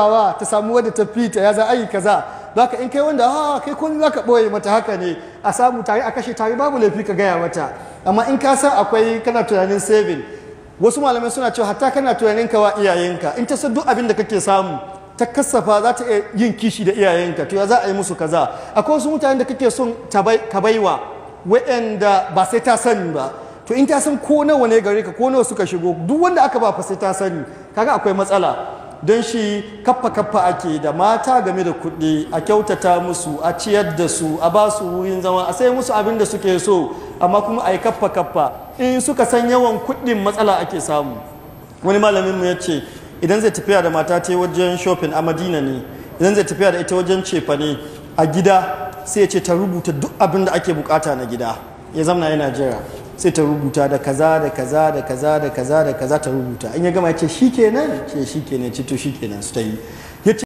tawa ta samu wadda ta fita ya za a yi kaza ba ka in kai wanda ha ah, kai kun za ka ɓoye mata haka ne a samu tare a kashe tare babu laifi ka gaya mata amma in ka san akwai kana tunanin saving wasu malamai suna cewa hatta kana tunanin kawa iyayenka in ta san duk abin da kake samu ta kasafa za ta yin kishi da iyayenka to ya za a yi musu kaza akwai wasu mutane da kake son ka baiwa wa'anda ba sai ta sani ba to in ta san ko nawa ne gare ka ko nawa suka shigo duk wanda aka ba fa sai ta sani kaga akwai matsala don shi kaffa kaffa ake da mata game da kuɗi a kyautata musu a ciyar da su a ba su wurin zama a sai musu abin da suke so amma kuma a yi kaffa kaffa in suka san yawan kuɗin matsala ake samu wani malamin mu ya ce idan zai tafiya da mata ta wajen shopping a madina ne idan zai tafiya da ita wajen cefa ne a gida sai ya ce ta rubuta duk abin da ake bukata na gida ya zamana yana jira sai ta rubuta da kaza da kaza da kaza da kaza da kaza ta rubuta in ya gama ya ce shi kenan ce shi kenan ce to shi kenan su ta yi